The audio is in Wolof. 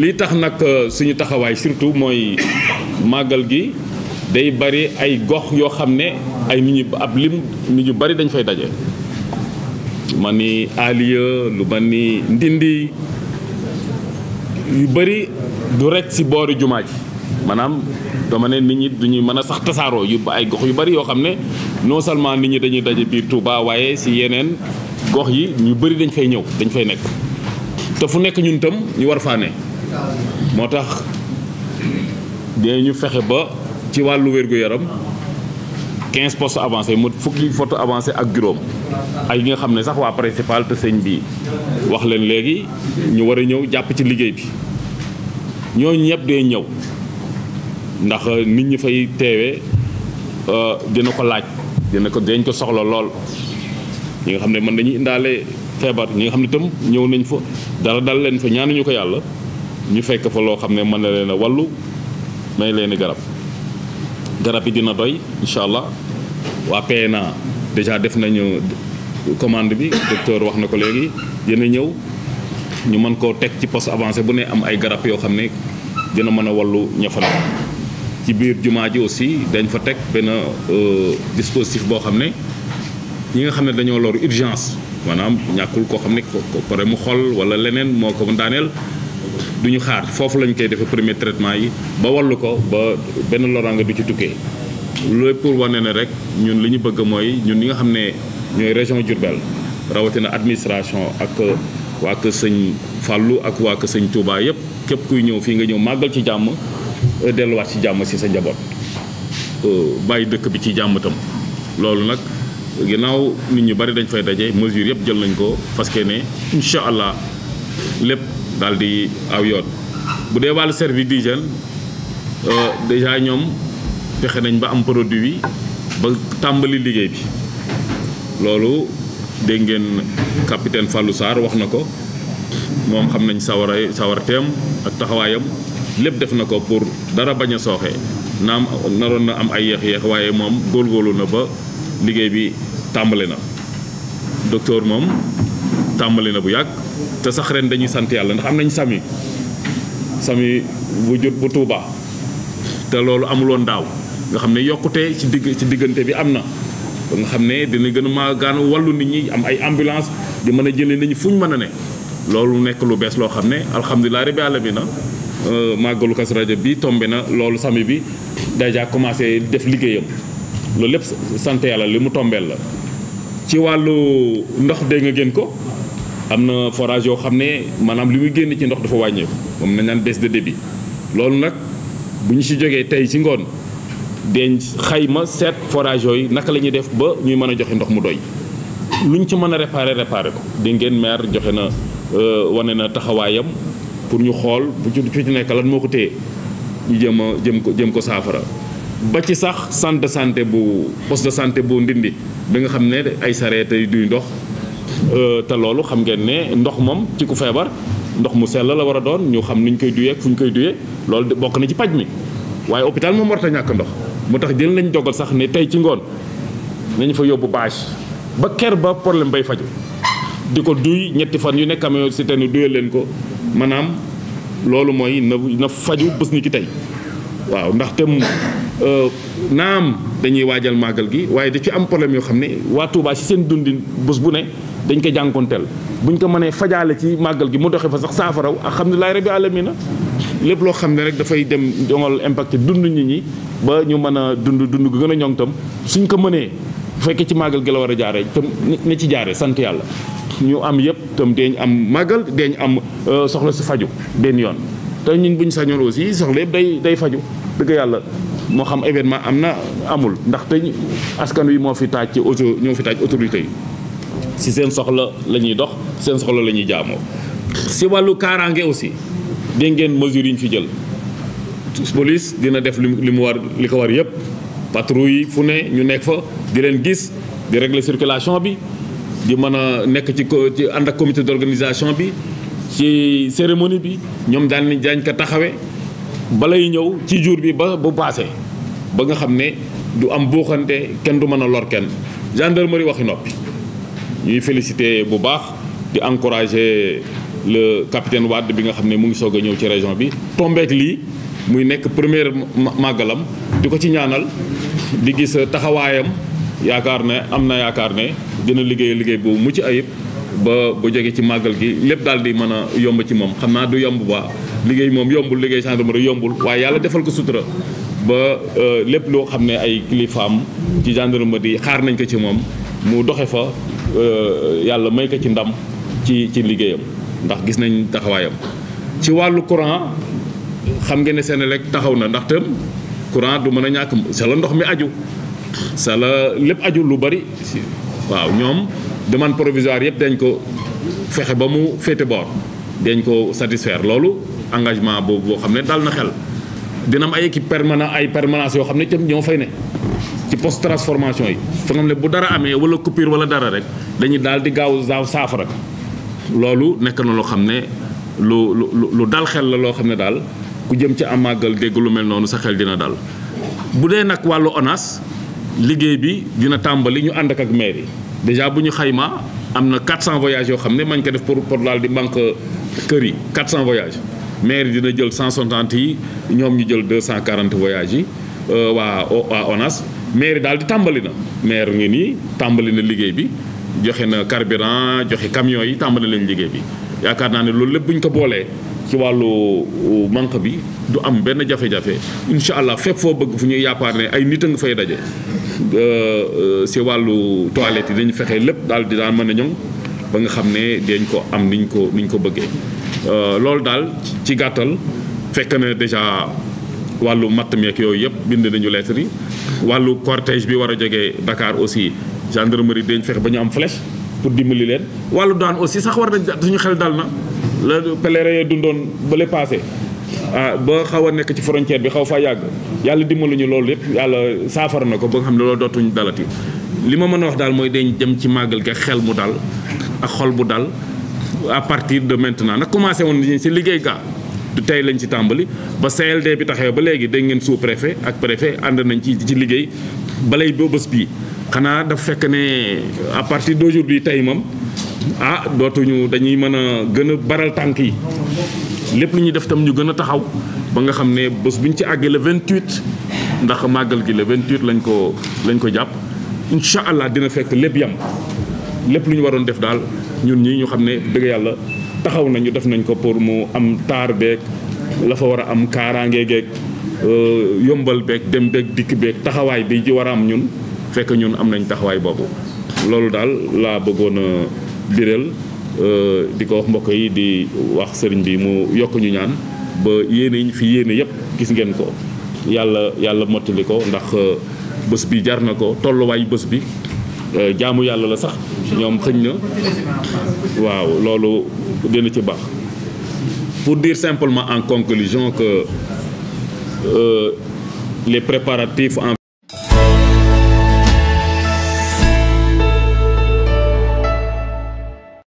li tax nag euh, suñu taxawaay surtout mooy màggal gi day bari ay gox yoo xam ne ay nit ñu ab lim nit ñu bari dañ fay daje. lu mel ni Aliya lu mel ni Ndindi yu bari du rekk ci boori jumaa ji maanaam dama ne nit ñi duñu mën a sax tasaaroo yu ay gox yu bari yoo xam ne noo seulement nit ñi dañuy daje biir Touba waaye ci yeneen gox yi ñu bari dañ fay ñëw dañ fay nekk te fu nekk ñun tam ñu war faa ne moo tax ñu fexe ba ci wàllu wér-gu-yaram quinze postes avancé mu fukki photo avancé ak juróom ak yi nga xam ne sax waa principal te sëñ bi wax leen léegi ñu war a ñëw jàpp ci liggéey bi ñooñu ñëpp day ñëw ndax nit ñi fay teewee euh, dina ko laaj dina ko dañ ko soxla lool ñi nga xam ne mën nañu indaale feebar ñi nga xam ne itam ñëw nañ fa dara dal leen fa ñaanuñu ko yàlla ñu fekk fa loo xam ne mën na leen a wàllu may leen garab garab yi dina doy incha allah waa PNA déjà def nañu commande bi docteur wax na ko léegi dina ñëw ñu mën koo teg ci poste avancé bu ne am ay garab yoo xam ne dina mën a wàllu ñafana ci biir jumaa ji aussi dañ fa teg benn euh, dispositif boo xam ne ñi nga xam ne dañoo lor urgence maanaam ñàkkul koo xam ne ko pare mu xol wala leneen moo ko daaneel du xaar foofu lañ koy defee premier traitement yi ba wallu ko ba benn loraange du ci tukkee lu pour wane ne rek ñun li ñu bëgg mooy ñun ñi nga xam ne ñooy région jurbel rawatina administration ak waa kër sëñ Fallou ak waa kër sëñ Touba yëpp képp kuy ñëw fii nga ñëw màggal ci jàmm delluwaat ci jàmm si sa njaboot euh, bàyyi dëkk bi ci jàmm tam loolu nag ginnaaw nit ñu bari dañ fay daje mesure yëpp jël nañ ko parce que ne incha allah lépp. daal di aw yoon bu dee wàllu service d'hygiène euh, déjà ñoom fexe nañ ba am produit bi ba tàmbali liggéey bi loolu dégg ngeen capitaine Fallou Sarr wax na ko moom xam nañ sawara sawarteem ak taxawaayam lépp def na ko pour dara bañ a sooxee naam naroon na am ay yeex-yeex waaye moom góorgóorlu na ba liggéey bi tàmbali na docteur moom tàmbali na bu yàgg te sax ren dañuy sant yàlla ndax am nañ sami sami bu jot bu Tuuba te loolu amuloon daaw nga xam ne yokkute ci digg ci diggante bi am na ba nga xam ne dina gën a maa gaan wàllu nit am ay ambulance di mën a jëlee nit ñi fu ñu mën a ne loolu nekk lu bees loo xam ne alhamdulilah rabbi alamina euh, màggalu Kazu Rajab bi tombe na loolu sami bi déjà commencé def liggéeyam loolu lépp sant yàlla li mu tombeel la ci wàllu ndox dégg nga ngeen ko am na forage yoo xam ne maanaam li muy génn ci ndox dafa wàññeeku moom nañ naan baisse de débit loolu nag bu ñu si jógee tey ci ngoon denc xayma seet forage yooyu naka la ñuy def ba ñuy mën a joxe ndox mu doy lu ñu ci mën a réparé réparé ko di ngeen maire joxe na euh, wane na taxawaayam pour ñu xool bu ci ci nekk lan moo ko téye ñu jëm a jëm ko jëm ko saafara ba ci sax centre sante bu poste de sante bu ndindi bi nga xam ne ay sareet yu duy ndox Euh, te loolu xam ngeen ne ndox moom ci ku feebar ndox mu sell la war a doon ñu xam ni ñu koy duyee fu ñu koy duyee loolu bokk na ci paj mi waaye hôpital moom warta ñàkk ndox mu tax jël nañ dogal sax ne tey ci ngoon nañu fa yóbbu bâche ba ker ba problème bay faju di ko duy ñetti fan yu nekk amee si te ni duyal leen ko maanaam loolu mooy na na faju bés ni ki tey waaw ndaxte euh, naam dañuy waajal màggal gi waaye da ci am problème yoo xam ne waa Touba si seen dundin bus bu ne dañ ko bu buñ ko mënee fajaale ci màggal gi mu doxee fa sax saafaraw alhamdulilahi rabbi alamina lépp loo xam ne rek dafay dem jongal impacté dund ñu ñi ba ñu mën a dund dund gu gën a ñoŋ tam suñ ko mënee bu fekkee ci màggal gi la war a jaaree tam na ci jaaree sant yàlla ñu am yëpp tam deeñ am màggal deeñ am euh, soxla si faju benn yoon te ñun buñ sañoon aussi soxla yëpp day day faju dëgg yàlla moo xam événement am na amul ndax te askan wi moo fi taaj ci auto ñoo fi taaj autorité yi si seen soxla la ñuy dox seen soxla la ñuy jaamoo si wàllu kaaraange aussi dégg ngeen mesures yi fi jël police dina def li mu war li ko war yëpp patrouille yi fu ne ñu nekk fa di leen gis di régler circulation bi di mën a nekk ci ci ànd ak comité d'organisation bi ci cérémonie bi ñoom daan nañ daañ ko taxawe balay ñëw ci jur bi ba bu paase ba nga xam ne du am buuxante kenn du mën a lor kenn gendarmerie waxi noppi. ñuy féliciter bu baax di encourager le capitaine Wade bi nga xam ne mu ngi soog a ñëw ci région bi tombeek lii muy nekk première màggalam di ko ci ñaanal di gis taxawaayam yaakaar ne am na yaakaar ne dina liggéey liggéey boobu mucc ayib ba ba jóge ci màggal gi lépp daal di mën a yomb ci moom xam naa du yomb ba liggéey moom yombul liggéey gendarmerie yombul waaye yàlla defal ko sutura ba euh, lépp loo xam ne ay kilifaam ci gendarmerie xaar nañ ko ci moom mu Euh, yàlla may ko ci ndam ci ci liggéeyam ndax gis nañ taxawaayam ci wàllu courant xam ngeen ne seen Senelec taxaw na ndax tam courant du mën a ñàkk sa la ndox mi aju sa la lépp aju lu bari waaw ñoom demande provisoire yëpp dañ ko fexe ba mu féete boor dañ ko satisfaire loolu engagement boobu boo xam ne dal na xel dina am ay équipe permanent ay permanence yoo xam ne itam ñoo fay ne ci post transformation yi fa nga xam ne bu dara amee wala coupure wala dara rek dañuy daal di gaaw gaaw saafara loolu nekk na loo xam ne lu lu dal xel la loo xam ne daal ku jëm ci am màggal dégg lu mel noonu sa xel dina dal. bu dee nag wàllu ONAS liggéey bi dina tàmbali ñu ànd ak ak maire bu ñu xayma am na 400 voyages yoo xam ne mañ ko def pour pour daal di banque kër yi 400 voyages maire dina jël 160 yi ñoom ñu jël 240 voyages yi euh, waa waa ONAS. maire daal di tàmbali na maire ngi nii tàmbali na liggéey bi joxe na carburant joxe camion yi tàmbali nañ liggéey bi yaakaar naa ne loolu lépp bu ñu ko boolee ci wàllu manque bi du am benn jafe-jafe incha allah fépp foo bëgg fu ñuy yaakaar ay nit a fay daje si euh, euh, wàllu toilette dañu fexe lépp daal di daan mën a ñoŋ ba nga xam ne dañ ko am niñ ko niñ ko bëggee euh, loolu daal ci gàttal fekk na déjà wàllu matt meek yooyu yëpp bind nañu lettre yi wàllu cortége bi war a jógee Dakar aussi gendarmerie dañ fexe ba ñu am flèche pour dimbali leen wàllu daan aussi sax war nañ suñu xel dal na la pèlerin ya dundoon ba le passé ah ba xaw a nekk ci frontière bi xaw faa yàgg yàlla dimbaluñu loolu yëpp yàlla saafara na ko ba nga xam ne loolu dootuñu dalati li ma mën a wax daal mooy dañ jëm ci màggal ga xel mu dal ak xol bu dal à partir de maintenant nag commencé woon nañu si liggéey ga du tey lañ ci tàmbali ba CLD bi taxee ba léegi dégg ngeen sous préfet ak préfet ànd nañ ci ci liggéey balay boo bés bii xanaa dafa fekk ne à partir d'aujourd'hui tey moom ah dootuñu dañuy mën a gën a baral tànk yi lépp lu ñuy def tam ñu gën a taxaw ba nga xam ne bés bu ñu ci àggee vingt 28 ndax màggal gi le 28 lañ ko lañ ko jàpp incha allah dina fekk lépp yam lépp lu ñu waroon def daal ñun ñi ñu xam ne dëgg yàlla taxaw nañu def nañ ko pour mu am taar beeg la fa war a am kaaraange geeg euh, yombal beeg dem beeg dikk beeg taxawaay bi ci war a am ñun fekk ñun am nañ taxawaay boobu. loolu daal laa bëggoon a biral euh, di ko wax mbokk yi di wax sëriñ bi mu yokku ñu ñaan ba yéene yi ñu fi yéene yëpp gis ngeen ko yàlla yàlla mottali ko ndax euh, bés bi jar na ko tolluwaayu bës bi jaamu yàlla la sax. ñoom xëñ na waaw loolu dina ci baax pour dire simplement en conclusion que euh, les préparatifs en